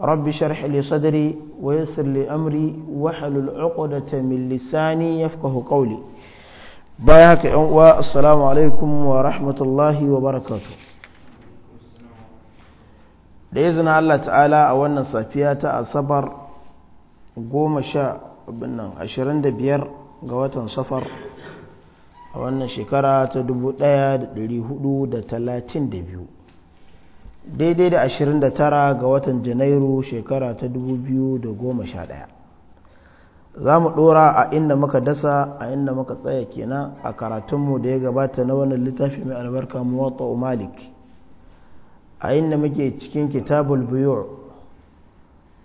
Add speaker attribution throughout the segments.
Speaker 1: رب شرح لي صدري ويسر لي أمري وحل العقدة من لساني يفقه قولي بايعك السلام عليكم ورحمة الله وبركاته da izinin Allah ta'ala a wannan safiya ta asabar goma sha nan ashirin da biyar ga watan safar a wannan shekara ta dubu ɗaya da ɗari hudu da talatin da biyu daidai da 29 ga watan janairu shekara ta 2011 za mu dora a inda muka dasa a inda muka tsaya kenan a karatunmu da ya gabata na wannan littafi mai albarka muwatta malik a inda muke cikin kitabul biyu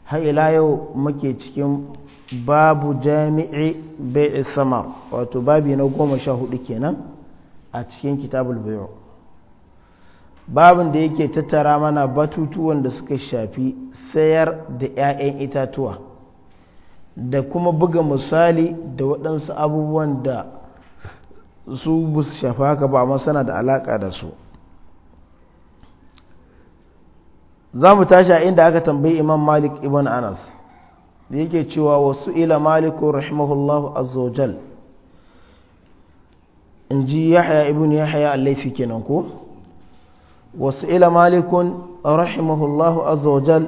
Speaker 1: har ila yau muke cikin babu jami'i bai samar wato babi na goma sha hudu kenan a cikin kitabul biyu babin da yake tattara mana batutuwan da suka shafi sayar da 'ya'yan itatuwa da kuma buga misali da waɗansu abubuwan da su busu shafa haka ba masana da alaƙa da su za mu tashi a inda aka tambayi imam malik ibn anas da yake cewa wasu ila maliku rahimahullahu azzawajal in ji yahya ibn a laifi kenan ko? وسئل مالك رحمه الله عز وجل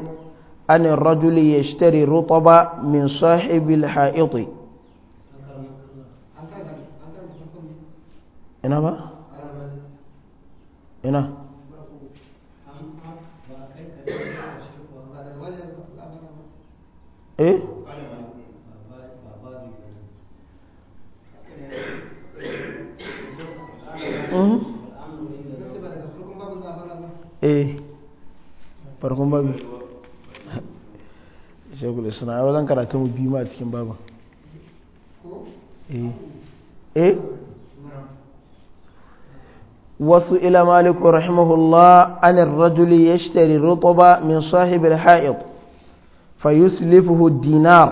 Speaker 1: عن الرجل يشتري رطبا من صاحب الحائط هنا ba? هنا ايه mm -hmm. eh farkon babu shagul isna a wajen karatun biyu ma cikin babu eh eh wasu ila maliku rahimahullah anin rajuli ya shitari rutuba min sahibin ha'id فيسلفه الدينار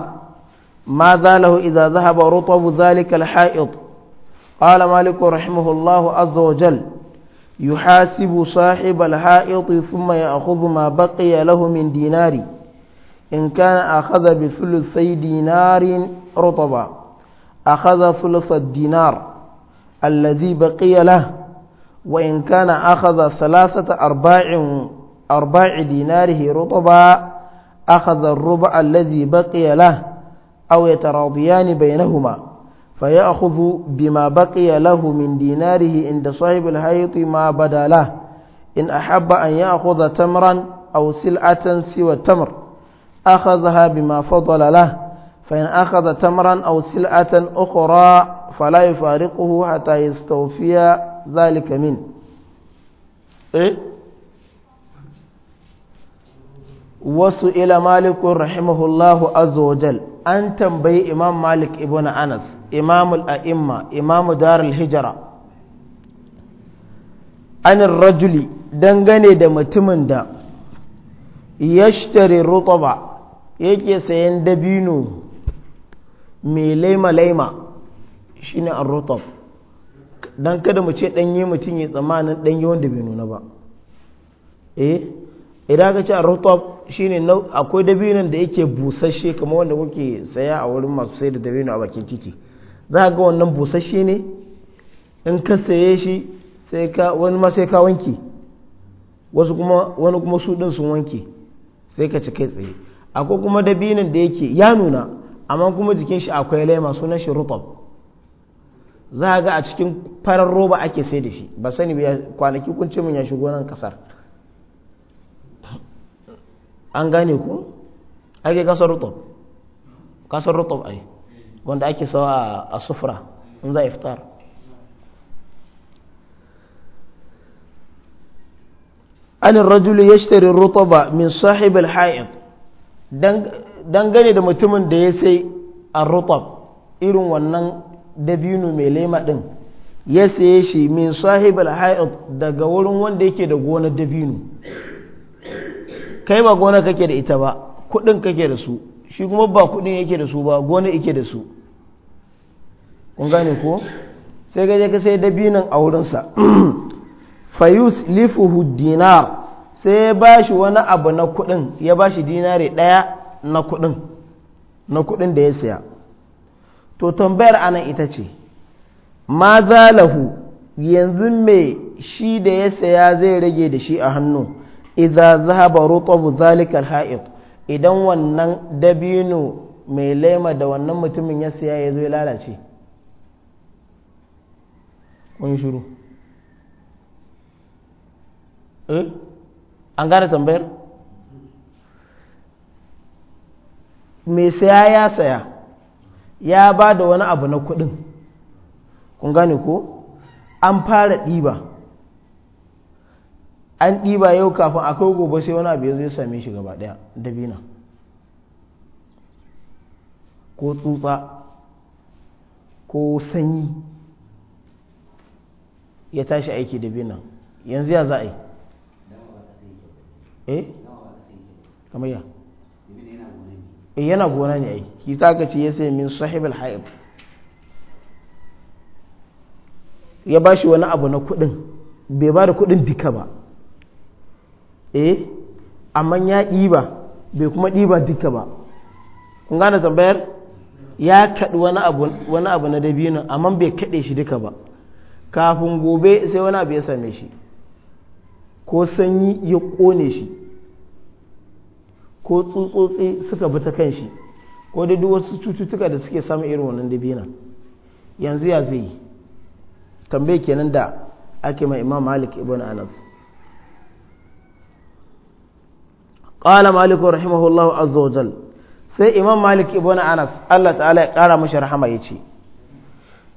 Speaker 1: ماذا له إذا ذهب رطب ذلك الحائط قال مالك رحمه الله عز وجل يحاسب صاحب الحائط ثم يأخذ ما بقي له من دينار إن كان أخذ بثلثي دينار رطبا أخذ ثلث الدينار الذي بقي له وإن كان أخذ ثلاثة أرباع, أرباع ديناره رطبا أخذ الربع الذي بقي له أو يتراضيان بينهما فيأخذ بما بقي له من ديناره عند صاحب الحيط ما بدا له إن أحب أن يأخذ تمرا أو سلعة سوى التمر أخذها بما فضل له فإن أخذ تمرا أو سلعة أخرى فلا يفارقه حتى يستوفي ذلك منه إيه؟ wasu ila malikun rahimahullahu azawajal an tambayi imam malik ibn anas imamul a'imma imamu darul hijira anin rajuli dangane da mutumin da yashtari rutaba yake sayan dabino mai laima-laima shine an rutab don kada mu ce ɗanye mutum ya tsamanin ɗanye wanda bai nuna ba eh idan aka ce arrotob shine akwai dabinon da yake busasshe kama wanda kuke saya a wurin masu sai da dabino a bakin titi za ga wannan busasshe ne in ka saye shi sai ka wani ma sai ka wanke wasu kuma wani kuma su din sun wanke sai ka ci kai tsaye akwai kuma dabinan da yake ya nuna amma kuma jikin shi akwai laima sunan shi rooftop za ga a cikin farar roba ake sai da shi ba sani kwanaki kun ce mun ya shigo nan kasar an gane ku ake kasa rutub kasa rutub ai wanda ake sawa a sufura in za a iftar an rajulu ya shitari rutuba min sahib al-ha'id dangane da mutumin da ya sai a rutub irin wannan dabino mai lema din ya saye shi min sahib al-ha'id daga wurin wanda yake da gonar dabino kai ba gona kake da ita ba kudin kake da su shi kuma ba kudin yake da su ba gona yake da su kun gane ko sai gaje ka sai dabinan a wurinsa fayus lifuhu dinar sai ya ba shi wani abu na kudin ya ba shi dinari daya na kudin na kudin da ya saya to tambayar anan ita ce ma zalahu yanzu me shi da ya saya zai rage da shi a hannu idza zahaba rutabu zalikal ha'id idan wannan dabino mai laima da wannan mutumin ya siya ya zo ya lalace kun shiru eh an gane tambayar mai siya ya saya ya ba da wani abu na kudin kun gane ko an fara ɗiba an ɗiba yau kafin akwai gobe sai wani abu ya zai same shi gaba ɗaya dabina ko tsutsa ko sanyi ya tashi aiki dabina yanzu ya za a yi eh kamar ya eh yana gona ne ai shi saka ce ya sai min sahibul haib ya bashi wani abu na kudin bai ba da kudin duka ba eh amma ya ɗiba bai kuma ɗiba duka ba kun gane tambayar ya kaɗi wani abu na dabino amma bai kaɗe shi duka ba kafin gobe sai wani abu ya same shi ko sanyi ya kone shi ko tsutsotsi suka bi ta kan shi ko da duk wasu cututtuka da suke samun irin wannan dabina yanzu ya zai tambaye kenan da ake ma imam malik ibn anas qala malik rahimahullahu azza sai imam malik ibn anas Allah ta'ala ya kara mashi rahama ce.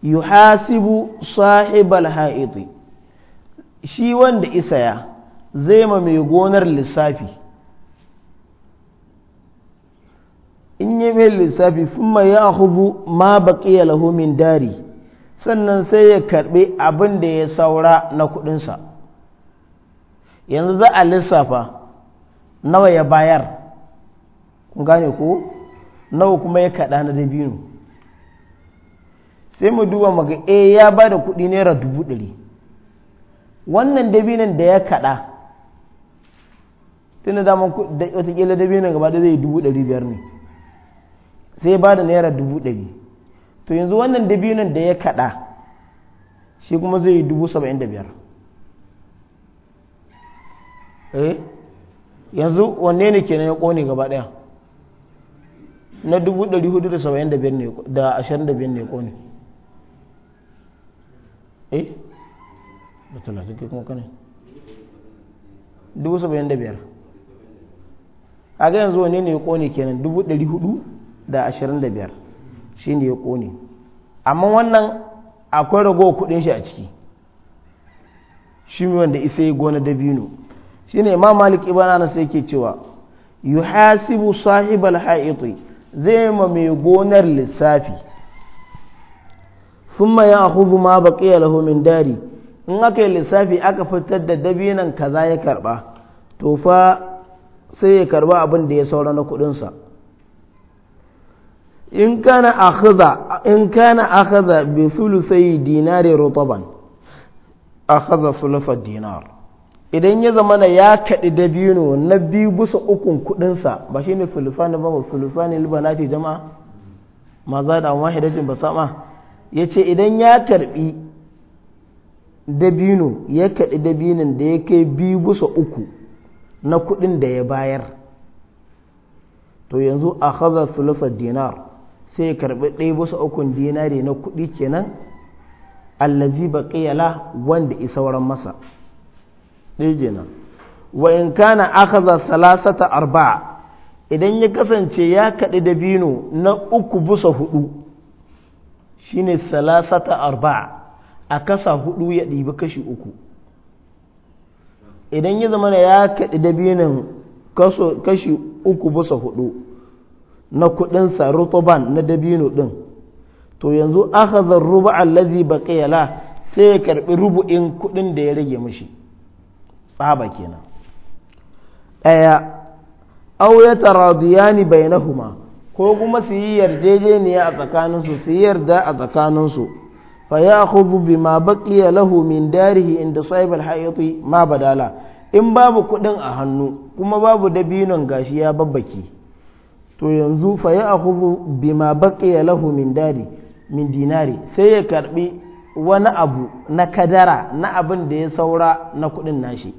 Speaker 1: yuhasibu sahibal ha'iti shi wanda isaya zai ma mai gonar lissafi in yi mai lissafi kuma ya hubu ma baƙiya lahu dari sannan sai ya karɓi abin da ya saura na kuɗinsa yanzu za a lissafa nawa ya bayar kun gane ko nawa kuma ya kaɗa na dabino sai mu duba maga e eh, ya ba da kuɗi naira dubu ɗari wannan dabinan da ya kaɗa tun da daman watakila dabinan gaba da zai dubu ɗari biyar ne sai ba da naira dubu ɗari to yanzu wannan dabinan da ya kaɗa shi kuma zai yi dubu saba'in da biyar eh yanzu wanne ne kenan ya kone gaba daya na 475 ne ya kone eh da talatin kai kuma kane dubu a ga yanzu wanne ne ya kone kenan dubu ɗari hudu da ashirin da biyar shi ne ya kone amma wannan akwai ragowar kudin shi a ciki shi wanda isa ya gona dabino shine imam malik ibn sai yake cewa yuhasibu sahibal ha'iti zai ma mai gonar lissafi sun ya ya'khudhu ma baqiya ya dari in aka yi lissafi aka fitar da dabinan kaza ya karba to fa sai ya karba abin da ya saura na kudinsa in kana akhadha in kana akhadha bi thuluthi a rutaban akhadha thuluth dinar idan ya zama na ya kaɗi dabino na biyu bisa ukun kuɗinsa ba shi ne filifani ba ba filifani fi jama'a ma za da amma hidajin ba sama ya ce idan ya karɓi dabino ya kaɗi dabinin da ya kai biyu bisa uku na kuɗin da ya bayar to yanzu a haza filifar dinar sai ya karɓi ɗaya bisa ukun dinari na kuɗi kenan allazi baƙiyala wanda isauran masa ɗaya kenan wa in kana akaza salasata arba idan ya kasance ya kaɗi dabino na uku busa hudu shine salasata arba a kasa hudu ya ɗibi kashi uku idan ya zama ya kaɗi dabinon kashi uku busa hudu na kudinsa rutuban na dabino ɗin to yanzu aka zarruba allazi baƙiyala sai ya karɓi rubu'in kudin da ya rage mashi tsaba kenan ɗaya au ya na nahuma ko kuma su yi yarjejeniya a tsakaninsu su yi yarda a tsakaninsu fa ya ma baƙi ya lahu min darihi inda sahib hayatu ma badala in babu kuɗin a hannu kuma babu dabinon gashi ya babbaki to yanzu fa ya ma baƙi ya lahu min dari min dinari sai ya karbi wani abu na kadara na abin da ya saura na kuɗin nashi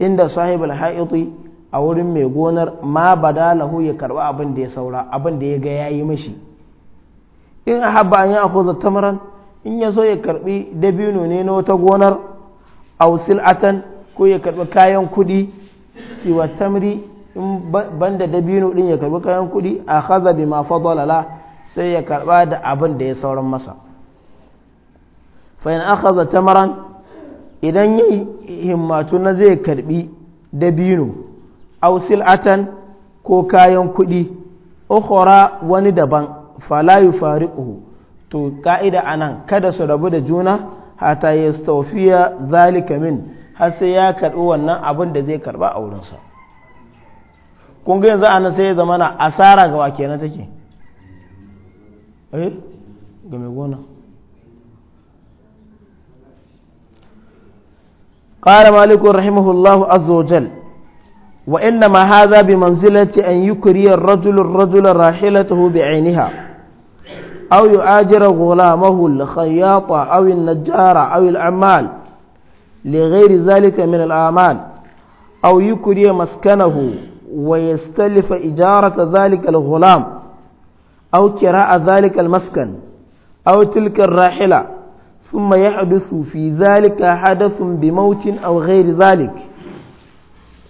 Speaker 1: inda sahibul ha'iti a wurin mai gonar ma bada lahu ya karba abin da ya saura abin da ya ga yayi mashi in a haba an ya akuza tamaran in ya so ya karbi dabino ne na wata gonar ausil'atan ko ya karbi kayan kudi siwa tamri in banda dabino din ya karbi kayan kudi a haza bi ma fadalala sai ya karba da abin da ya sauran masa fa in akhadha tamaran idan ya himmatu na zai karbi dabino ausil atan ko kayan kuɗi ukhra wani daban fala yufariquhu to ka'ida anan kada su rabu da juna hata yastawfiya zalika min har sai ya karbi wannan abin da zai karba a wurinsa kun ga yanzu anan sai ya zama na asara ga wa kenan take eh ga mai gona قال مالك رحمه الله عز وجل وإنما هذا بمنزلة أن يكري الرجل الرجل راحلته بعينها أو يؤاجر غلامه الخياطة أو النجارة أو العمال لغير ذلك من الأعمال أو يكري مسكنه ويستلف إجارة ذلك الغلام أو كراء ذلك المسكن أو تلك الراحلة ثم يحدث في ذلك حدث بموت أو غير ذلك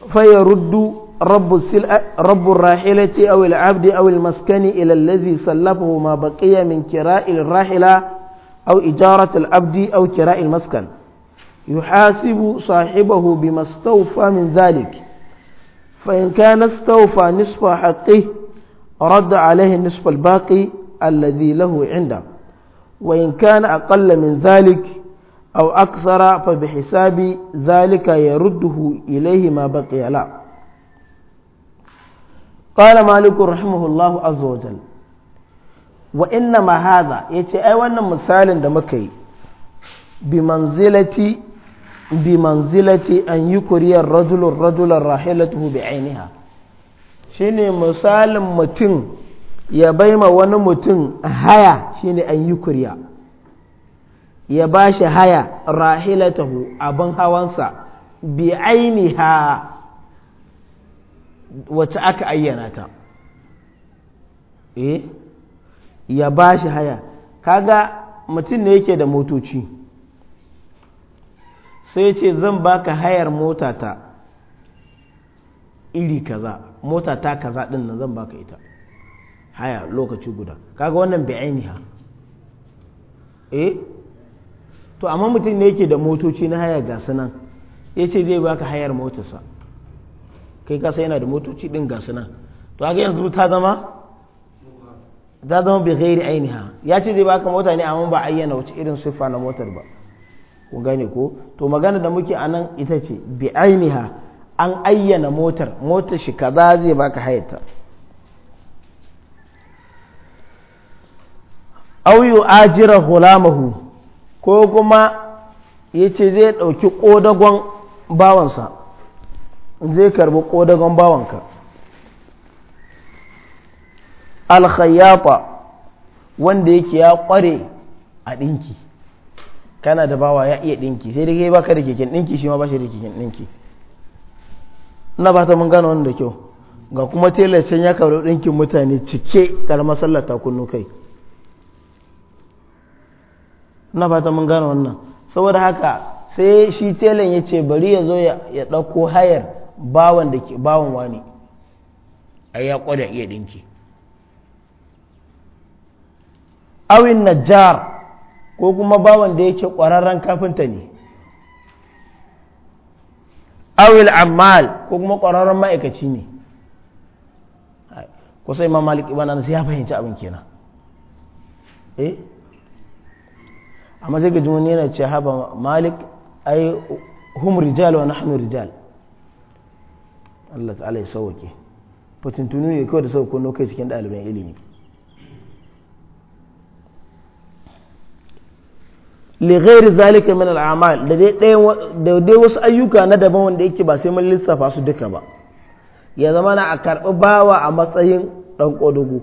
Speaker 1: فيرد رب, رب الراحلة أو العبد أو المسكن إلى الذي سلفه ما بقي من كراء الراحلة أو إجارة العبد أو كراء المسكن يحاسب صاحبه بما استوفى من ذلك فإن كان استوفى نصف حقه رد عليه النصف الباقي الذي له عنده وإن كان أقل من ذلك أو أكثر فبحساب ذلك يرده إليه ما بقي لا قال مالك رحمه الله عز وجل وإنما هذا يتي أي وانا مثال دمكي بمنزلة بمنزلة أن يكري الرجل الرجل راحلته بعينها شيني مثال متن ya ma wani mutum haya shine an yi kuriya ya ba shi haya rahilatahu abin hawansa bi ainiha wacce aka ayyana ta eh ya ba shi haya kaga mutum ne yake da motoci sai ce zan baka hayar motata iri kaza motata kaza din nan zan baka ita haya lokaci guda kaga wannan bi ainiha eh to amma mutum ne yake da motoci na haya ga sanan ya ce zai baka hayar motarsa kai kasa yana da motoci din ga sanan to haka yanzu ta zama ta zama bi ghairi ainiha ya ce zai baka mota ne amma ba ayyana wace irin siffa na motar ba ku gane ko to magana da muke a nan ita ce bi ainiha an ayyana motar motar shi kaza zai baka hayarta yu ajira hulamahu ko kuma ya ce zai ɗauki ƙodagon bawansa zai karbi ƙodagon bawanka alkhayyafa wanda yake ya kware a ɗinki kana da bawa ya iya ɗinki sai dai baka da keken ɗinki shi ma ba shi da keken ɗinki na ba ta mun gano wanda kyau ga kuma telacin ya karbi ɗinkin mutane cike kalmar sallar kunnu kai na fata mun gane wannan saboda haka sai shi telan ya ce bari ya zo ya ɗauko hayar bawan da ke bawan wani a ya ƙwada iya ɗinki awin najjar ko kuma bawan da yake ƙwararren kafinta ne awil ammal ko kuma ƙwararren ma'aikaci ne ko sai ma malik ibn sai ya fahimci abin kenan eh amma zai gaji wani yana ce haba malik ai hum rijal wa nahnu rijal Allah ta'ala ya sauke fatuntunu ne kawai da sauka kunno kai cikin ɗaliban ilimi li zalika min al'amal da dai da dai wasu ayyuka na daban wanda yake ba sai mun lissafa su duka ba ya zama na a karɓi bawa a matsayin ɗan ƙodugu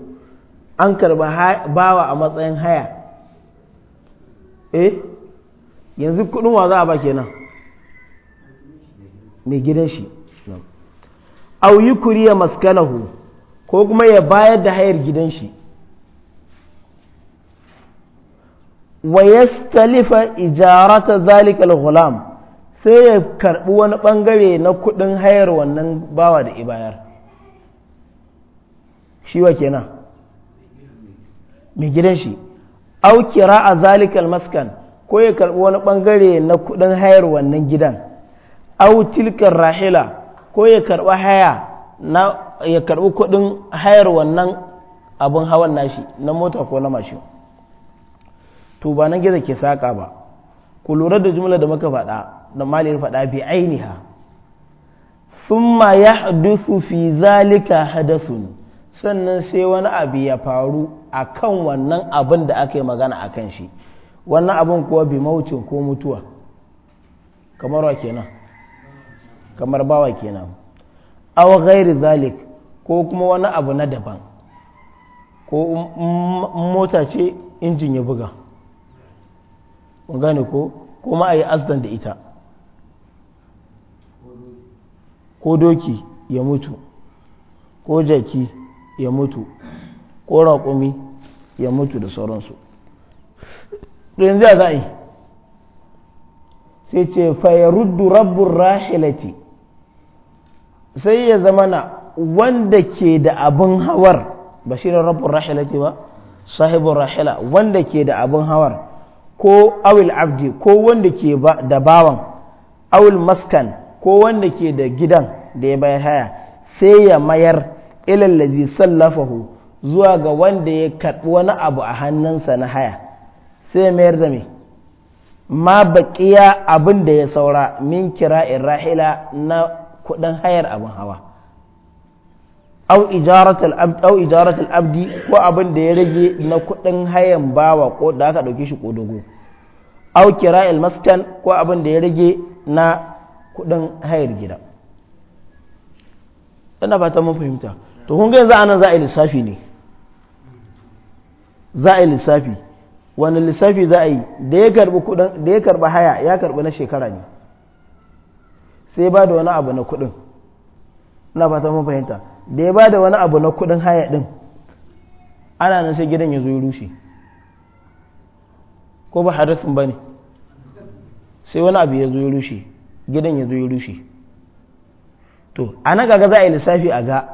Speaker 1: an karɓi bawa a matsayin haya eh yanzu kudin wa za a ba kenan mai gidan shi au yi kuriya maskanahu ko kuma ya bayar da hayar gidan shi wa yastalifa ijarata zalika al-ghulam sai ya karbi wani bangare na kudin hayar wannan bawa da ibayar shi wa kenan mai gidan shi au kira a zalikal maskan ko ya karbi wani bangare na kuɗin hayar wannan gidan au tilkar rahila ko ya karbi haya na ya karɓi kuɗin hayar wannan abin hawan nashi na mota ko na mashin to ba nan gizo ke saka ba ku lura da jumla da muka faɗa da maliyar faɗa bi ainiha summa ya fi zalika hadasun sannan sai wani abu ya faru a kan wannan abin da aka yi magana a kan shi wannan abin kuwa bi maucin ko mutuwa kamar wa kenan kamar bawa kenan Awa gairi zalik ko kuma wani abu na daban ko mota ce injin ya buga kun gane ko kuma a yi asdan da ita ko doki ya mutu ko jaki ya mutu ko raƙumi ya mutu da sauransu to yanzu za a yi sai ce fayaruddu rabbun rahilati sai ya zama na wanda ke da abin hawar ba shi ne rabbun rahilati ba sahibin rahila wanda ke da abin hawar ko awil abdi ko wanda ke da bawan awil maskan ko wanda ke da gidan da ya bayar haya sai ya mayar ilallazi sallafahu zuwa ga wanda ya karɓi wani abu a hannunsa na haya sai mayar da mai ma baƙiya abin da ya saura min kira rahila na kuɗin hayar abin hawa au ijaratul abdi ko abin da ya rage na kuɗin hayan bawa ko da aka ɗauki shi ƙodogo au kira maskan ko abin da ya rage na kuɗin hayar gida ina fata mun fahimta to kun ga yanzu anan za a yi lissafi ne za a yi lissafi wani lissafi za a yi da ya karɓi haya ya karɓi na shekara ne sai ba da wani abu na kudin na fata mun fahimta da ya ba da wani abu na kudin haya din ana nan sai gidan ya zo ya rushe ko ba hadasin ba ne sai wani abu ya zo ya rushe gidan ya zo ya rushe to a nan gaga za a yi lissafi a ga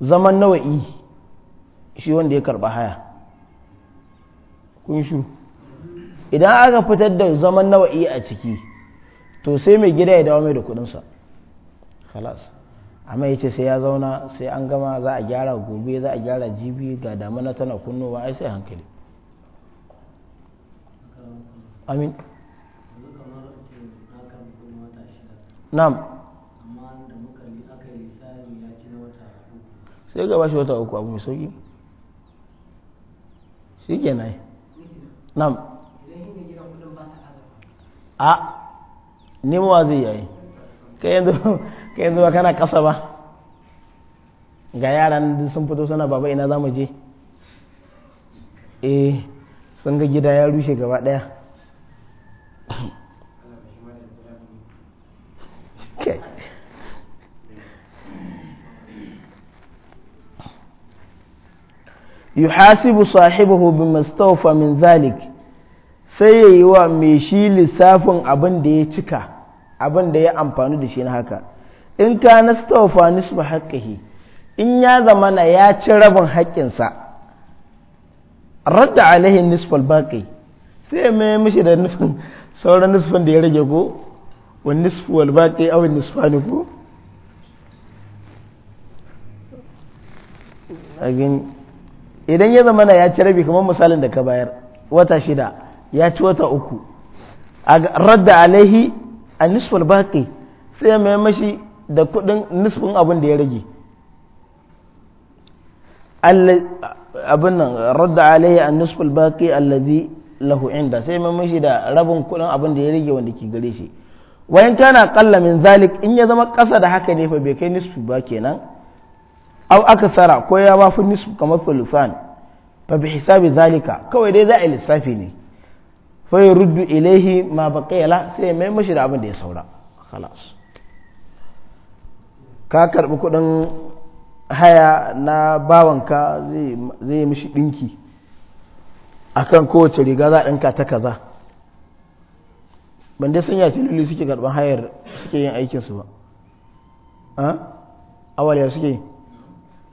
Speaker 1: zaman nawa'i shi wanda ya karɓa haya kun shu idan aka fitar da zaman nawa'i a ciki to sai mai gida ya dawo mai da kudinsa khalas amma ya ce sai ya zauna sai an gama za a gyara gobe za a gyara jibi ga damana tana ba ai sai hankali amin na'am sai ga shi wata uku abu mai sauki shi yi. nam a mu wazi yayi ka yanzu ba kana kasa ba ga yaran sun fito suna baba ina za mu je eh sun ga gida ya rushe gaba daya okay yuhasibu sahibahu bimastawfa min zalik sai ya yi wa mai shi lissafin abin da ya cika abin da ya amfani da shi na haka in ka nastawfa nisba haqqihi in ya zamana ya ci rabin haƙƙinsa radda alaihi nisfal baqi sai mai mishi da nufin sauran nisfin da ya rage ko wani nisfu wal baqi aw nisfani ko again idan ya zama na ya ci rabi kamar misalin da ka bayar wata shida ya ci wata uku a radda alaihi a nisful baƙi sai ya mai mashi da kudin nisfin abin da ya rage abin nan radda alaihi a nisful baƙi allazi lahu inda sai mai mashi da rabin kudin abin da ya rage wanda ke gare shi wayan kana kalla min zalik in ya zama ƙasa da haka ne fa bai kai nisfi ba kenan au aka tsara ko ya wafi nisfu kamar fulfan fa bi hisabi zalika kawai dai za a lissafi ne fa ya ruddu ilaihi ma baqiyala sai ya mai mashi da abin da ya saura khalas ka karbi kudin haya na bawanka zai mishi dinki akan kowace riga za a dinka ta kaza ban dai sanya tilili suke karban hayar suke yin aikinsu ba a ya suke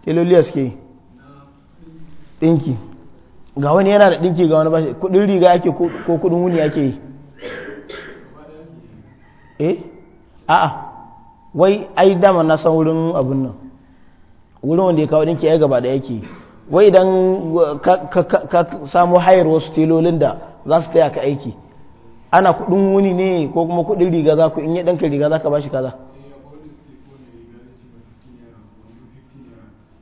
Speaker 1: kiloliyas ke yi ɗinki ga wani yana da ɗinki ga wani bashi kudin riga ake ko kudin wuni ake yi eh a'a wai ai dama na san wurin abun nan wurin wanda ya kawo ɗinki ya gaba da yake wai idan ka samu hayar wasu tilolin da za su taya ka aiki ana kudin wuni ne ko kuma kudin riga za ku in yi ɗanka riga za ka bashi kaza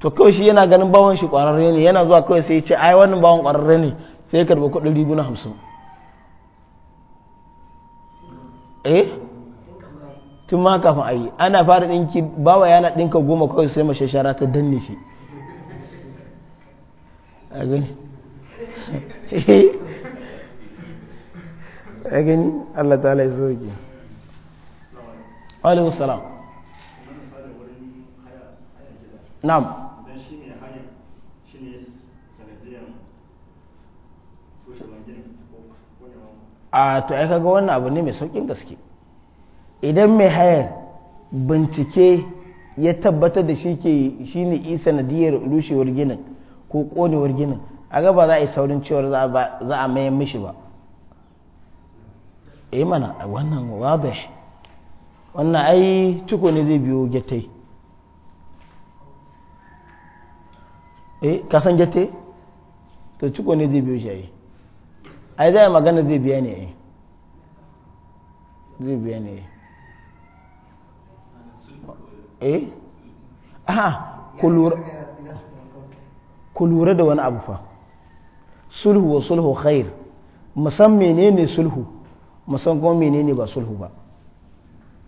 Speaker 1: to kawai shi yana ganin bawon shi kwararre ne yana zuwa kawai sai ce ai wannan bawon kwararre ne sai ya karbi kudin riguna hamsin eh tun ma kafin a yi ana fara ɗinki bawa yana ɗinka goma kawai sai mashe shara ta danne shi a gani a gani allah ta lai zoge alaihi salam na'am a to ai kaga wannan abu ne mai saukin gaske idan mai hayar bincike ya tabbatar da shi ke shi ne isa na diyar rushewar ginin ko konewar ginin a ba za a yi saurin cewar za a mayan mishi ba eh mana wannan wadih wannan ai ciko ne zai biyo gyatai eh kasan gyatai to ciko ne zai biyo shi ai zai magana zai biya ne zai biya ne eh aha kulura da wani abu fa sulhu wa sulhu khair musan menene sulhu musan kuma menene ba sulhu ba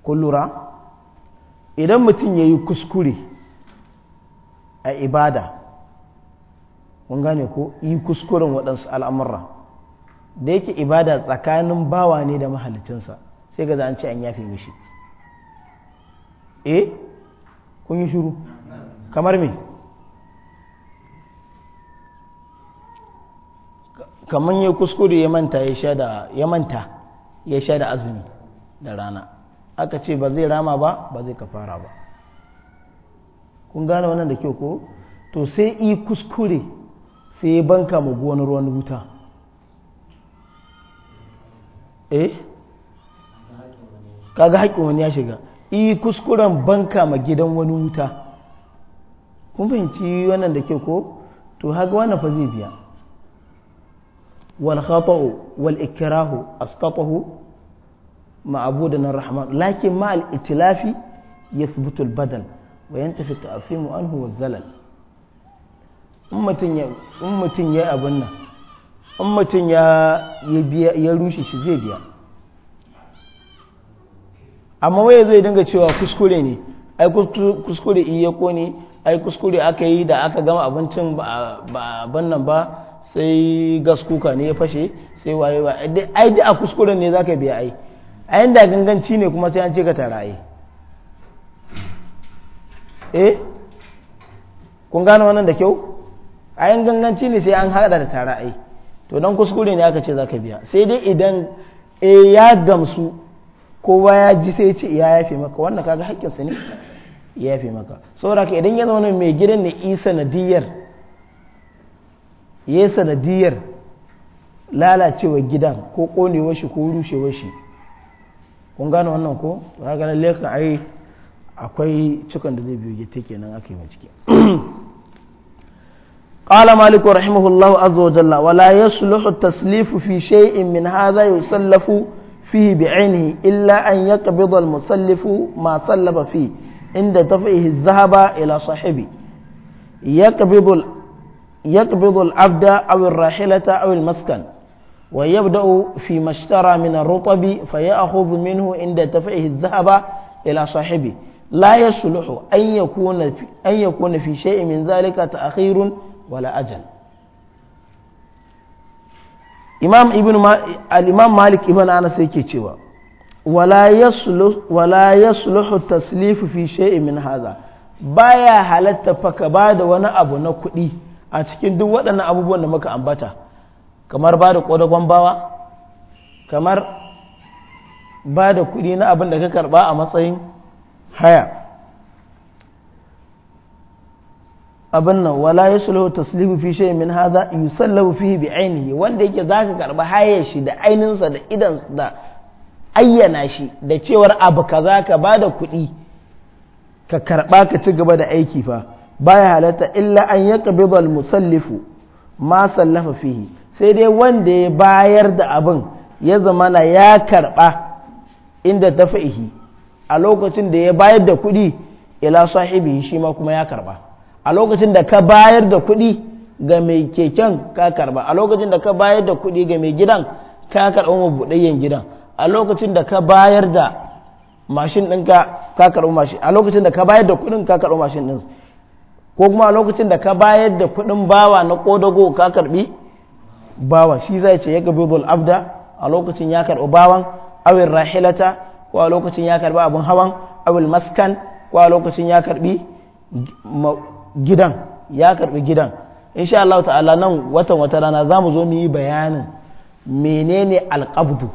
Speaker 1: kulura idan mutum ya yi kuskure a ibada wanga gane ko yi kuskuren waɗansu al'amurra da yake ibada tsakanin bawa ne da mahalicinsa sai ga an ce an yafe mishi eh kun yi shuru kamar me kamar ya kuskure ya manta ya sha da ya manta ya sha da azumi da rana aka ce ba zai rama ba ba zai kafara ba kun gane wannan da kyau ko to sai yi kuskure sai ya banka mu wani ruwan wuta eh kaga haƙƙin wani ya shiga e kuskuren banka ma gidan wani wuta kun fahimci wannan da ke ko to haka wannan fa zai biya wal khata'u wal ikrahu abu da ar-rahman lakin ma al ya yathbutu al badal wa yantafi ta'fimu anhu zalal in mutum ya abin ya nan in mutum ya rushe shi zai biya amma waya zai dinga cewa kuskure ne ai kuskure iya ko ne ai kuskure aka yi da aka gama abincin ba ban nan ba sai gas kuka ne ya fashe sai waye ba ai da a kuskuren ne zaka biya ai a da ganganci ne kuma sai an ce ka tara ai eh kun gane wannan da kyau a ganganci ne sai an hada da tara ai to don kuskure ne aka ce za ka biya sai dai idan e ya gamsu kowa ya ji sai ce ya yafe maka wannan kaga haƙƙinsa ne ya yafe maka saboda ka idan ya zama mai gidan ne yi sanadiyar ya sanadiyar lalacewar gidan ko konewa shi ko rushewa shi kun gane wannan ko ga ganin lekan ai akwai cikin da zai biyu ta kenan aka yi mai ciki قال مالك رحمه الله عز وجل ولا يصلح التسليف في شيء من هذا يسلف فيه بعينه إلا أن يقبض المسلف ما سلف فيه عند دفعه الذهب إلى صاحبه يقبض يقبض العبد أو الراحلة أو المسكن ويبدأ فيما اشترى من الرطب فيأخذ منه عند دفعه الذهب إلى صاحبه لا يصلح أن يكون في, أن يكون في شيء من ذلك تأخير wala ajal imam ibn al-imam malik ibn yake cewa wala sulhu wala yasluhu taslifu fi shay'in min hadha baya halatta fa ka bada wani abu na kuɗi a cikin duk waɗannan abubuwan da muka ambata kamar ba ƙodagon bawa kamar ba da kuɗi na abin da ka karɓa a matsayin haya abin nan wala ya sulhu taslibu fi shay min hadha yusallabu fihi bi ainihi wanda yake zaka karba hayar shi da ainin sa da idan da ayyana shi da cewar abu kaza ka bada kuɗi ka karɓa ka ci gaba da aiki fa baya halatta illa an yaqbida al musallifu ma sallafa fihi sai dai wanda ya bayar da abin ya zama na ya karba inda fa'ihi a lokacin da ya bayar da kuɗi ila sahibi shi ma kuma ya karɓa. a lokacin da ka bayar da kuɗi ga mai keken ka karba a lokacin da ka bayar da kuɗi ga mai gidan ka karɓa mabuɗayyen gidan a lokacin da ka bayar da mashin ɗinka ka karɓa mashin a lokacin da ka bayar da kuɗin ka karɓa mashin ɗin ko kuma a lokacin da ka bayar da kuɗin bawa na ƙodago ka karɓi bawa shi zai ce ya gabi abda a lokacin ya karɓi bawan awin rahilata ko a lokacin ya karɓi abin hawan awil maskan ko a lokacin ya karɓi gidan ya karbi gidan insha Allah ta'ala nan watan wata rana za mu zo mu yi bayanin menene alƙabdu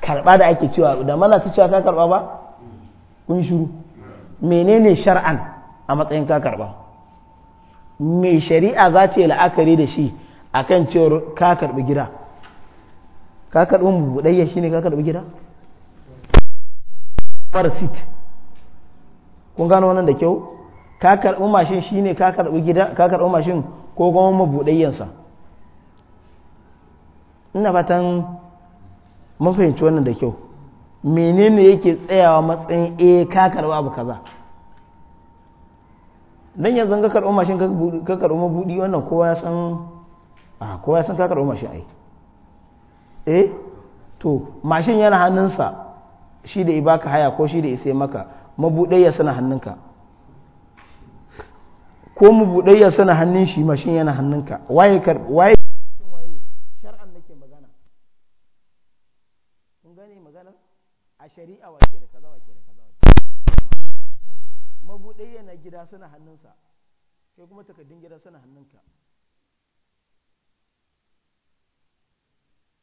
Speaker 1: karɓa da ake cewa da mana ta cewa ka karɓa ba kun shiru menene shar'an a matsayin ka karɓa me shari'a za ta yi la'akari da shi akan cewar ka karɓi gida ka karɓi budayya shine ka karɓi gida parasit kun gano wannan da kyau ka karɓi mashin shine ka karɓi gida ka karɓi mashin ko kuma mabuɗayyansa ina fatan mun fahimci wannan da kyau menene yake tsayawa matsayin a eh, ka karɓi abu kaza don yanzu ka karɓi mashin ka karɓi mabuɗi wannan kowa ya san a kowa ya san ka karɓi mashin ai eh to mashin yana hannunsa shi da ibaka haya ko shi da isa maka mabuɗayya suna hannunka ko mu buɗe ya sana hannun shi mashin yana hannunka waye kar waye waye shar'an nake magana kun gane magana a shari'a wake da kaza wake da kaza ya na gida sana hannunsa sai kuma takardun gida sana hannunka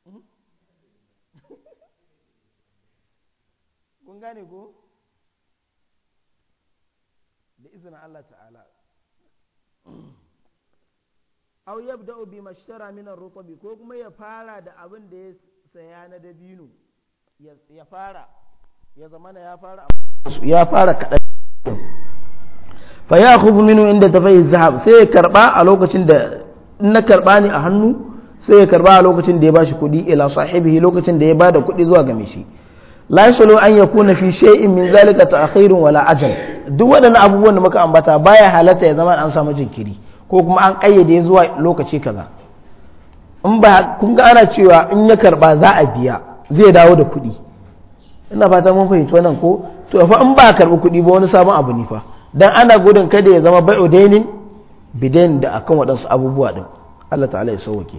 Speaker 1: hmm? kun gane ko da izinin Allah ta'ala au da bi mashtara min ar-rutbi ko kuma ya fara da abin da ya saya na dabino ya fara ya zamana ya fara ya fara kadan fa ya'khudhu minhu inda tafayyi zahab sai ya karba a lokacin da na karba ni a hannu sai ya karba a lokacin da ya bashi kuɗi ila sahibihi lokacin da ya bada kuɗi zuwa ga mishi la yasulu an yakuna fi shay'in min zalika ta'khirun wala ajal duk waɗannan abubuwan da muka ambata baya halatta ya zama an samu jinkiri ko kuma an kayyade zuwa lokaci kaza in ba kun ga ana cewa in ya karba za a biya zai dawo da kuɗi ina fata mun fahimci wannan ko to fa in ba karbi kuɗi ba wani sabon abu ne fa dan ana gudun kada ya zama bai'u dainin bidain da akan waɗansu abubuwa din Allah ta'ala ya sauke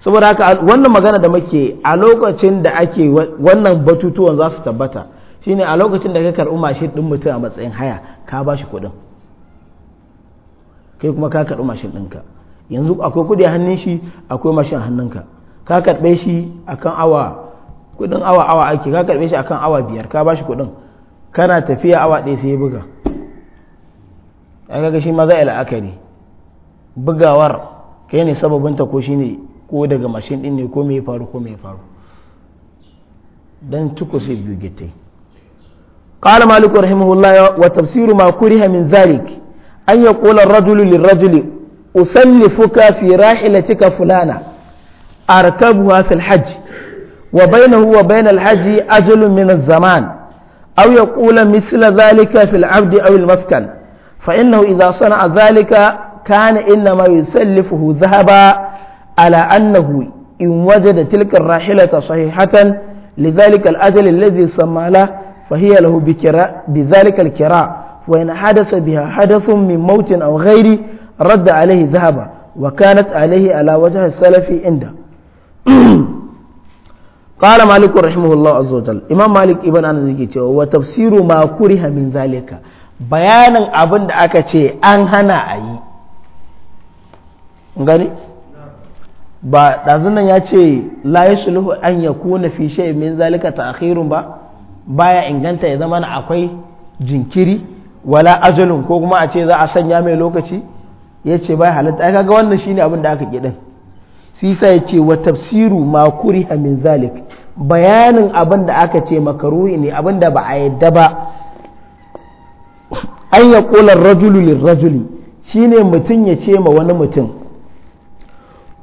Speaker 1: saboda haka wannan magana da muke a lokacin da ake wannan batutuwan za su tabbata shine a lokacin da ka karɓi mashin ɗin mutum a matsayin haya ka ba shi kuɗin kai kuma ka karɓi mashin ɗinka yanzu akwai kuɗi a hannun shi akwai mashin hannunka ka karɓe shi akan awa kuɗin awa awa ake ka karɓe shi akan awa biyar ka ba shi kuɗin kana tafiya awa ɗaya sai ya buga ya ga shi ma za a yi la'akari bugawar kai ne sababinta ko shi ne ko daga mashin din ne ko me ya faru ko me ya faru dan tuku sai biyu gitai قال مالك رحمه الله وتفسير ما كره من ذلك أن يقول الرجل للرجل أسلفك في راحلتك فلانة أركبها في الحج وبينه وبين الحج أجل من الزمان أو يقول مثل ذلك في العبد أو المسكن فإنه إذا صنع ذلك كان إنما يسلفه ذهبا على أنه إن وجد تلك الراحلة صحيحة لذلك الأجل الذي سمى له فهي له بكراء بذلك الكراء وإن حدث بها حدث من موت أو غيره رد عليه ذهبا وكانت عليه على وجه السلف عنده قال مالك رحمه الله عز وجل إمام مالك ابن أنس وتفسير ما كره من ذلك bayanin abin da aka ce an hana a yi gani ba ɗazun nan ya ce layi sulhu an ya fi shai min zalika ta'khirun ba baya inganta ya zama na akwai jinkiri wala ajalun ko kuma a ce za a sanya mai lokaci ya ce bai halitta ya kaga wannan shine abin da aka kidan sai sa ya ce wa tafsiru ma kuriha min zalik bayanin abin da aka ce makaruhi ne abin da ba a yadda ba an ya kula rajulu shi shine mutum ya ce ma wani mutum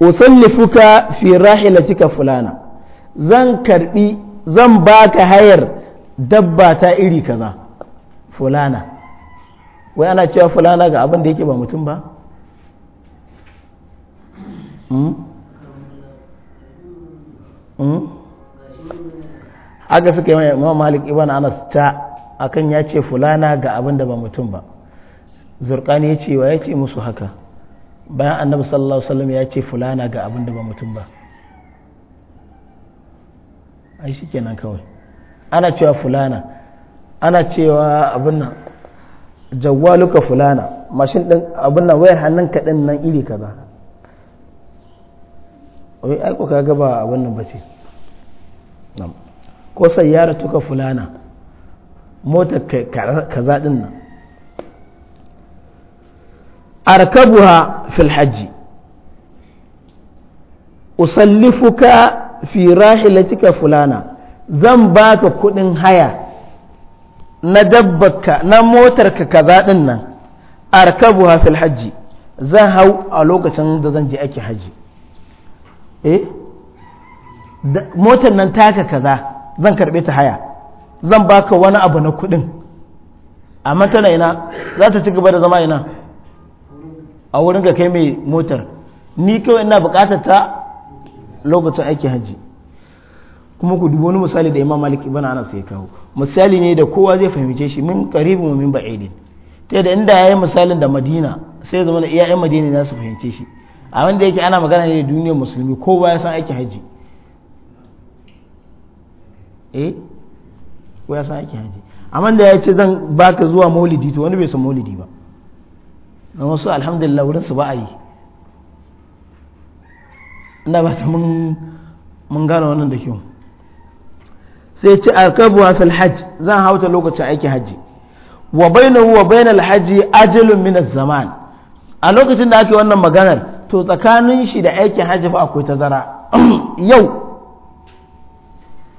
Speaker 1: usallifuka fi rahilatika fulana zan karbi zan baka hayar dabba ta iri kaza fulana wai ana cewa fulana ga abin da yake ba mutum ba hmm? Hmm? haka suka yi ma malik ibn anas ta akan ya ce fulana ga abin da ba mutum ba zurkani ya ce wa ya ce musu haka bayan annabi sallallahu alaihi wasallam ya ce fulana ga abin da ba mutum ba ai shi kenan kawai ana cewa fulana ana cewa abin nan jawwaluka fulana mashin din abin nan wayar hannun ka din nan iri kaza wai ai ko kaga ba abin nan bace ko tuka fulana mota kaza din nan arkabuha fil usallifuka fi rahilatika fulana zan baka kudin haya na dabbaka na motarka kaza ɗinnan nan arkabuha fil hajji zan hau a lokacin da zan je ake haji eh motar nan taka kaza zan karbe ta haya zan baka wani abu na kudin amma tana ina za ta ci gaba da zama ina a wurin ka kai mai motar ni kawai ina bukatar ta lokacin aiki hajji kuma ku dubi wani misali da imam malik ibn anas ya kawo misali ne da kowa zai fahimce shi min qaribin min ba'idin ta da inda yayi misalin da madina sai zama da iyayen madina za su fahimce shi a wanda yake ana magana ne da duniyar musulmi kowa ya san aiki hajji eh ko ya san aiki hajji amma da ya ce zan baka zuwa maulidi to wani bai san maulidi ba na wasu alhamdulillah wurin su ba a yi ina ba ta mun gano wannan da kyau sai ce arkabuwa fil hajj zan hauta lokacin aikin hajji wa bainahu wa bainal hajji ajalun min zaman a lokacin da ake wannan maganar to tsakanin shi da aikin hajji fa akwai tazara yau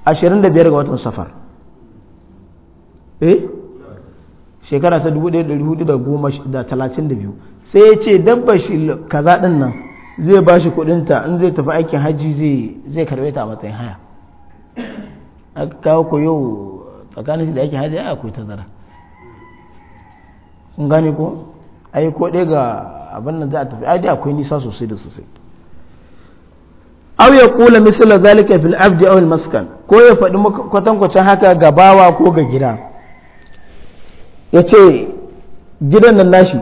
Speaker 1: 25 ga watan safar eh shekara ta 1432 sai ya ce dabbar shi kaza din nan zai ba shi kudinta in zai tafi aikin hajji zai karbe ta a matsayin haya aka kawo ko yau tsakanin shi da aikin hajji akwai tazara sun gane ko ai ko ɗaya ga abin nan za a tafi ai akwai nisa sosai da sosai aw ya kula misalar zalika fil abdi aw al maskan ko ya faɗi kwatankwacin haka ga bawa ko ga gida ya ce gidan nan nashi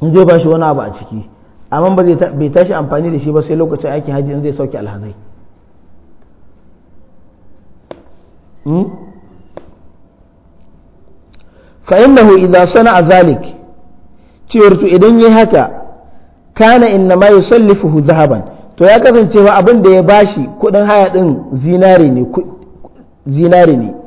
Speaker 1: in zai ba shi wani abu a ciki amma ba bai tashi amfani da shi ba sai lokacin aiki hajji in zai sauke alhazai فإنه sana a zalik cewar idan yi haka kana inna ma yusallifuhu zahaban to ya kasancewa abin da ya bashi kudin haya din zinare zinare ne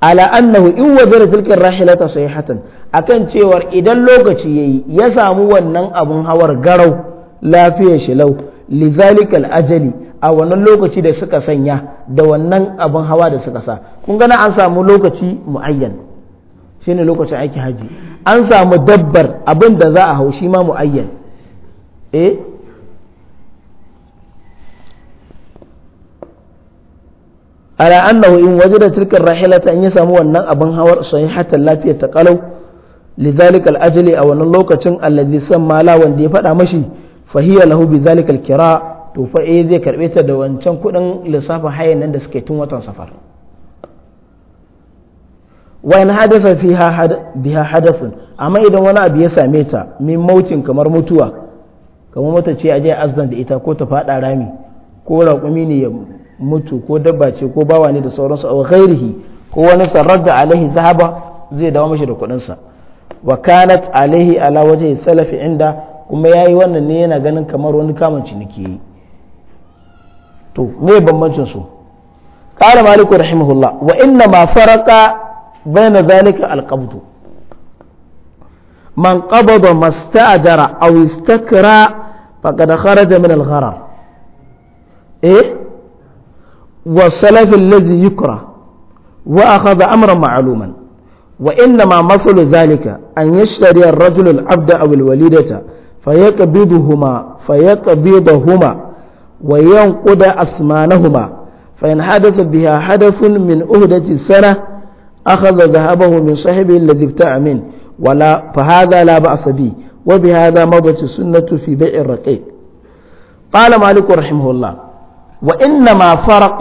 Speaker 1: ala annahu in wajara tilka rahilata sayhatan akan cewar idan lokaci yayi ya samu wannan abun hawar garau lafiyar shi lau lidhalika ajali a wannan lokaci da suka sanya da wannan abin hawa da suka sa kun gana an samu lokaci mu'ayyan shine lokacin aiki haji an samu dabbar abin da za a hau shi ma mu'ayyan eh ala annahu in wajada tilka rahilata in ya samu wannan abin hawar sahihatan lafiyar ta kalau lidhalika al-ajli a wannan lokacin alladhi samma la wanda ya faɗa mashi fahiya lahu bidhalika al-kira to fa eh zai karbe ta da wancan kudin lissafa hayan nan da suke tun watan safar wa in hadatha fiha biha hadathun amma idan wani abu ya same ta min mautin kamar mutuwa kamar mata ce aje azdan da ita ko ta fada rami ko raƙumi ne ya mutu ko dabba ce ko bawa ne da sauransu a ghairihi ko wani sarar da alaihi zahaba zai dawo mashi da kudinsa wa kanat alaihi ala waje salafi inda kuma ya yi wannan ne yana ganin kamar wani kamun ciniki yi to me bambancin su maliku rahimahullah wa inna ma faraka baina zalika alqabdu man qabada masta'jara aw istakra faqad kharaja min al eh والسلف الذي يكره وأخذ أمرا معلوما وإنما مثل ذلك أن يشتري الرجل العبد أو الوليدة فيقبضهما فيقبضهما وينقض أثمانهما فإن حدث بها حدث من أهدة سنة أخذ ذهبه من صاحبه الذي ابتاع منه ولا فهذا لا بأس به وبهذا مضت السنة في بيع الرقيق قال مالك رحمه الله wa inna ma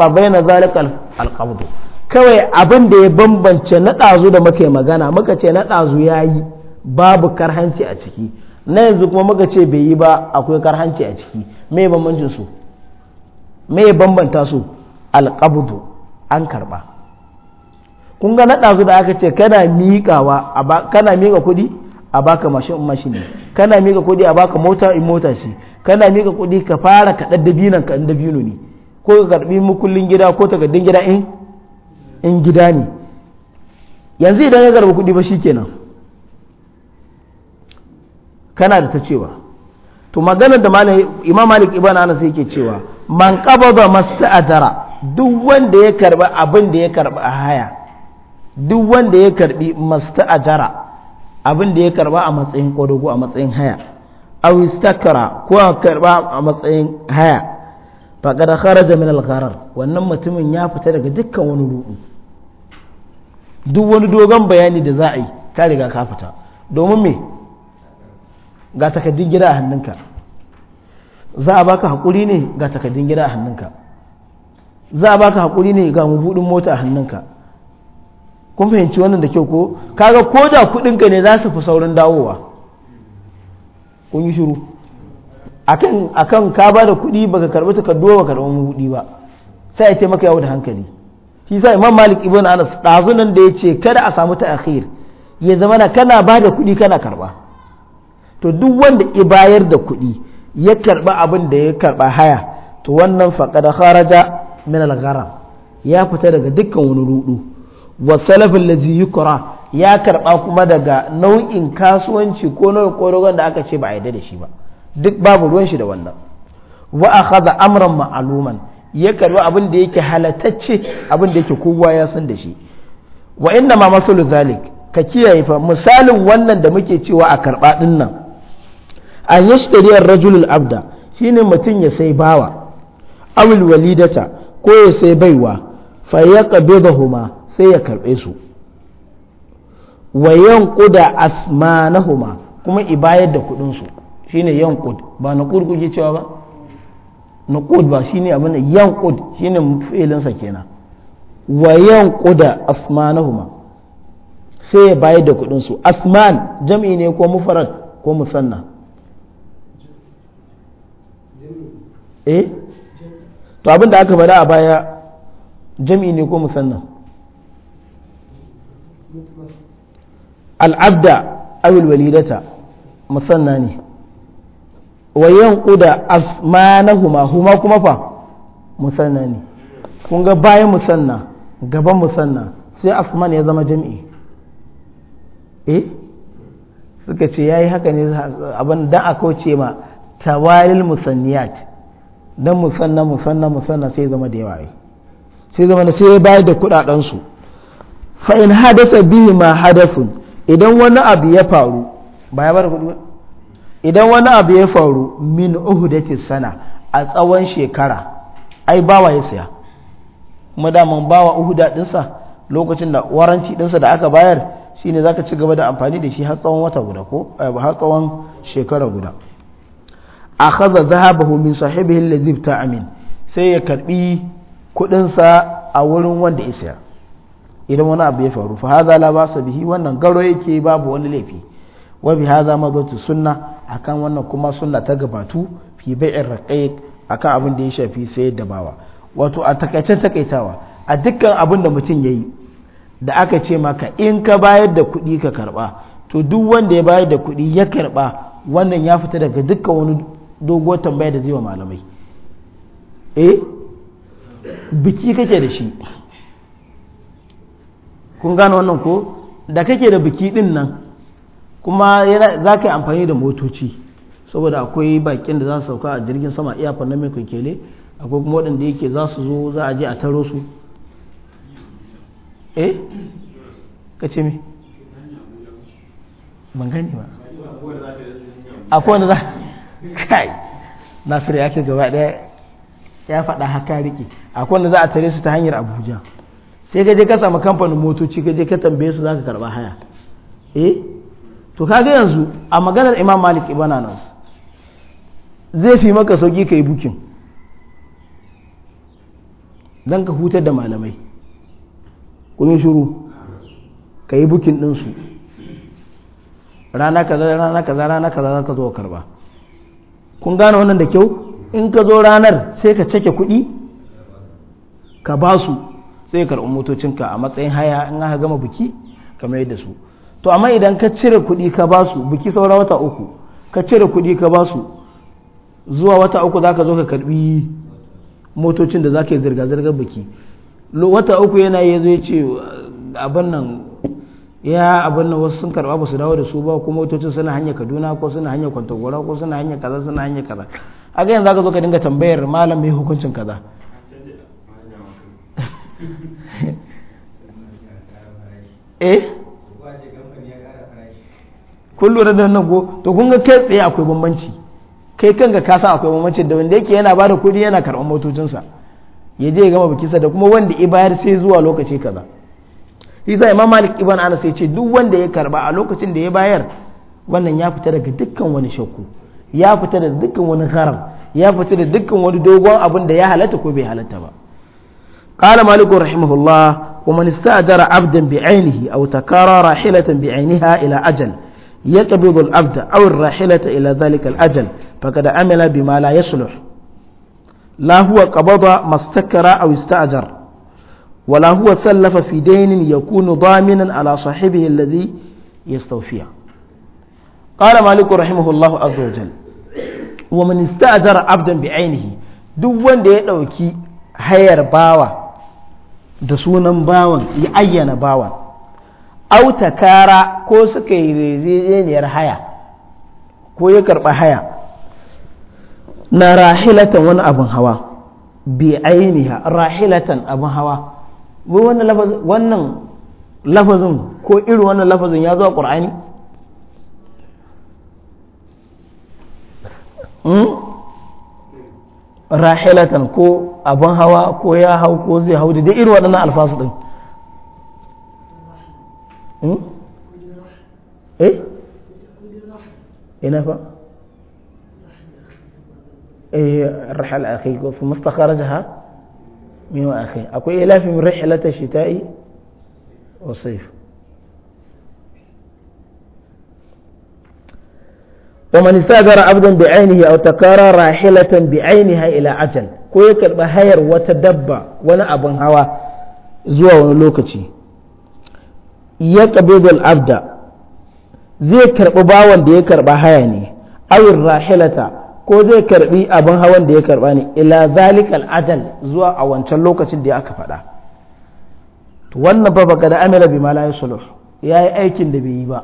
Speaker 1: bai na zalika alƙabdu kawai abin da ya bambance na ɗazu da muka magana muka ce na ɗazu ya yi babu karhanci a ciki na yanzu kuma muka ce bai yi ba akwai karhanci a ciki me bambancin su me bambanta su alƙabdu an karɓa kun ga na ɗazu da aka ce kana miƙawa kana miƙa kuɗi a baka mashin in mashin ne kana miƙa kuɗi a baka mota in mota ce kana miƙa kuɗi ka fara kaɗan dabino ka dabino ne ko ka karbi mukullin gida ko takardun gida in in gida ne yanzu idan ya karbi kuɗi ba shi kenan kana da ta cewa to maganar da imam malik ibn anas yake cewa man qabada Masta'ajara duk wanda ya karba abin da ya karba a haya duk wanda ya karbi Masta'ajara abin da ya karba a matsayin kodogo a matsayin haya aw istakara ko karba a matsayin haya faqad kharaja min al-gharar wannan mutumin ya fita daga dukkan wani rudu duk wani dogon bayani da za a yi ka riga ka fita domin me ga takaddun gida a hannunka za a baka hakuri ne ga takaddun gida a hannunka za a baka hakuri ne ga mabuɗin mota a hannunka kun fahimci wannan da kyau ko kaga ko da kuɗinka ne za su fi saurin dawowa kun yi shiru akan akan ka ba da kuɗi baka karɓi takardu ba karɓi kuɗi ba sai ya taimaka yawo da hankali shi sa imam malik ibn anas ɗazunan da ya ce kada a samu ta'khir ya zama na kana ba da kuɗi kana karɓa to duk wanda i bayar da kuɗi ya karɓa abin da ya karɓa haya to wannan faqad kharaja min al ya fita daga dukkan wani rudu wa salafin lazi yukura ya karɓa kuma daga nau'in kasuwanci ko nau'in korogon da aka ce ba a yarda da shi ba duk babu ruwan shi da wannan wa akhadha amran ma'luman ya karbi abin da yake halatacce abin da yake kowa ya san da shi wa inna ma masalu zalik ka kiyaye fa misalin wannan da muke cewa a karba din nan an yi ar-rajul al-abda shine mutum ya sai bawa awil walidata ko ya sai baiwa fa ya huma sai ya karɓe su wa kuda asmanahuma kuma ibayar da kuɗinsu. su shine yanqud ba na kuke cewa ba na kud ba shine abin da yanqud shine filin sa kenan wa yanquda asmanahuma sai ya bayar da kudin su asman jam'i ne ko mufarad ko musanna eh to abin da aka bada a baya jam'i ne ko musanna al'abda awil walidata musanna ne wayan yanquda asmanahuma huma kuma fa musanna ne kun ga bayan musanna gaban musanna sai asman ya zama jami'i eh suka ce yayi haka ne abin dan aka kauce ma tawalil musanniyat dan musanna musanna musanna sai zama da yawa sai zama sai bayar da kudaden su fa in hadasa bihi ma hadathun idan wani abu ya faru ba ya bar kudi ba idan wani abu ya faru min uhudati sana a tsawon shekara ai bawa ya saya kuma bawa uhuda dinsa lokacin da waranci dinsa da aka bayar shine zaka ci gaba da amfani da shi har tsawon wata guda ko eh, har tsawon shekara guda akhadha dhahabahu min sahibihi alladhi sai ya karbi kudin sa a wurin wanda ya saya idan wani abu ya faru fa hadha la basa bihi wannan garo yake babu wani laifi wa bi hadha madatu sunna akan wannan kuma sunna ta gabatu fi bai'ir raqiq akan abin da ya shafi sayar da bawa wato a takaice takaitawa a dukkan abin da mutum yayi da aka ce maka in ka bayar da kuɗi ka karba to duk wanda ya bayar da kuɗi ya karba wannan ya fita daga dukkan wani doguwar tambaya da zai wa malamai eh biki kake da shi kun gane wannan ko da kake da biki din nan kuma za ka yi amfani da motoci saboda akwai bakin da za su sauka a jirgin sama iya na mai kwankele akwai kuma waɗanda yake za su zo za a je a taro su eh ka ce mi ban gani ba akwai wanda za kai nasir ya ke gaba ɗaya ya faɗa haka riƙe akwai wanda za a tare su ta hanyar abuja sai ka je ka samu kamfanin motoci ka je ka tambaye su za ka karɓa haya eh to kaga yanzu a maganar imam malik ibana nan zai fi maka sauki ka yi bukin don ka hutar da malamai kun yi shuru ka yi bukin ɗinsu rana kaza rana kaza rana kaza za ka zo karba kun gane wannan da kyau in ka zo ranar sai ka cake kuɗi ka ba su sai ka karɓi motocinka a matsayin haya in aka gama buki ka mai da su to amma idan ka cire kuɗi ka ba su biki saura wata uku ka cire kuɗi ka ba su zuwa wata uku za ka zo ka karbi motocin da za ka yi zirga-zirgar biki wata uku yana ya zo ya ce abin nan ya abin nan wasu sun karba ba su dawo da su ba ko motocin suna hanyar kaduna ko suna hanyar kwantagora ko suna hanyar kaza suna hanyar kaza a ga yanzu za ka zo ka dinga tambayar malam mai hukuncin kaza eh kun lura da nan go to kun ga kai tsaye akwai bambanci kai kanka ka san akwai bambanci da wanda yake yana bada kuɗi yana karɓar motocinsa ya je ya gama bikinsa da kuma wanda i bayar sai zuwa lokaci kaza isa imam malik ibn anas ya ce duk wanda ya karba a lokacin da ya bayar wannan ya fita daga dukkan wani shakku ya fita da dukkan wani haram ya fita da dukkan wani dogon abin da ya halatta ko bai halatta ba qala malik rahimahullah wa man istajara abdan bi ainihi aw takara rahilatan bi ila ajal يقبض العبد أو الراحلة إلى ذلك الأجل فقد عمل بما لا يصلح لا هو قبض ما استكر أو استأجر ولا هو سلف في دين يكون ضامنا على صاحبه الذي يستوفيه قال مالك رحمه الله عز وجل ومن استأجر عبدا بعينه duk wanda ya ɗauki hayar bawa da sunan bawan ya ayyana bawan auta kara ko suka yi rezeniyar haya ko ya karɓa haya na rahilatan wani abin hawa bi ainiha rahilatan abin hawa wannan lafazin ko irin wannan lafazin ya zo a ƙur'ani hmm? rahilatan ko abin hawa ko ya hau ko zai hau da irin waɗannan alfasu ɗin Hmm? eh ina fa eh rahal akhi ko fa mustakharajaha min wa akhi akwai rihlata shita'i wa sayf ومن استأجر عبدا بعينه تكرر بعينها ko ya karɓi hayar wata dabba wani abin hawa zuwa wani lokaci ya qabidul abda zai karɓi bawan da ya karɓa haya ne awir rahilata ko zai karɓi abin hawan da ya karba ne ila zalikal ajal zuwa a wancan lokacin da ya aka faɗa to wannan ba baka da amira bi ma la ya yi aikin da bai yi ba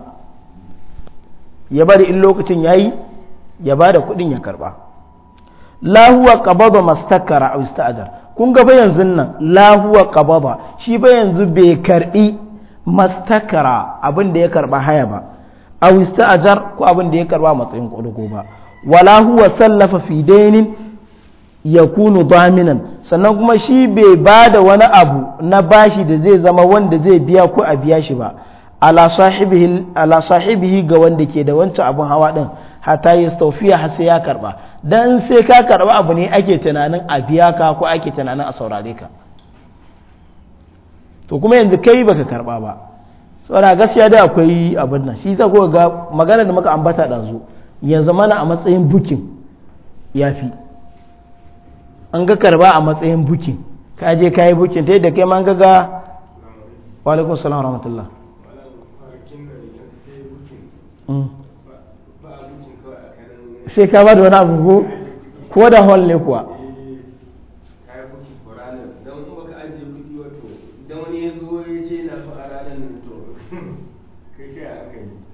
Speaker 1: ya bari in lokacin ya yi ya bada kuɗin ya karba lahuwa huwa qabada mastakara wista ajar kun ga ba yanzu nan lahuwa huwa qabada shi ba yanzu bai karɓi mastakara abin da ya karba haya ba aw ajar ko abin da ya karba matsayin kudugo ba wala huwa sallafa fi dainin yakunu daminan sannan kuma shi bai ba da wani abu na bashi da zai zama wanda zai biya ko a biya shi ba ala sahibihi ga wanda ke da wancan abin hawa din hata yi staufiya har ya karba dan sai ka karba abu ne ake tunanin a biya ka ko ake tunanin a saurare ka to kuma yanzu kai baka karba ba saboda gaskiya da akwai abin nan shi za ga magana da muka ambata ɗazu yanzu mana a matsayin bukin ya fi an ga karba a matsayin bukin ka je ka yi bukin ta da kai ma ga ga walaikun salam rahmatullah mm. sai ka ba da wani abu ko da hall ne kuwa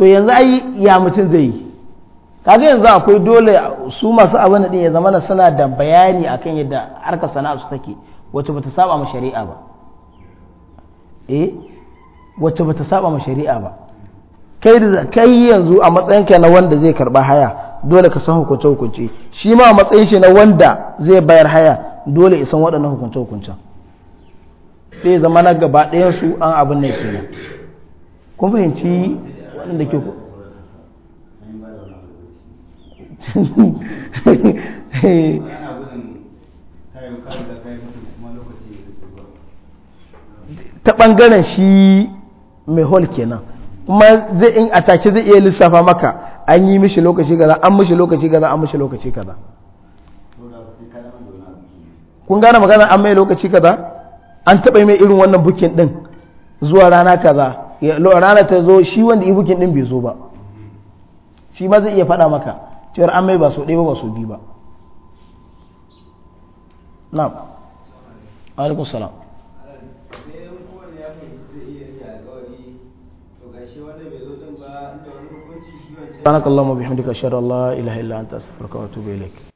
Speaker 1: to yanzu ai ya mutum zai yi kaga yanzu akwai dole su masu abin din ya zama na suna da bayani akan yadda harka sana'a su take wacce bata saba ma shari'a ba eh wacce bata saba ma shari'a ba kai da kai yanzu a matsayin ka na wanda zai karba haya dole ka san hukunce hukunce shi ma a matsayin shi na wanda zai bayar haya dole isan waɗannan hukunce hukuncen sai zama na gaba ɗayan su an abin ne kenan kun fahimci din da ke ku ta ɓangaren shi mai hol kenan kuma zai in atake zai iya lissafa maka an yi mishi lokaci gaza an mishi lokaci gaza an mishi lokaci kaza kun gane magana an mai lokaci kaza an taɓa mai irin wannan bukin ɗin zuwa rana kaza rana ta zo shi wanda yi bukin din bai zo ba shi ba zai iya faɗa maka cewar an mai ba so ɗaya ba so biyu ba na alaikun salam سبحانك اللهم وبحمدك اشهد ان لا اله الا انت استغفرك واتوب اليك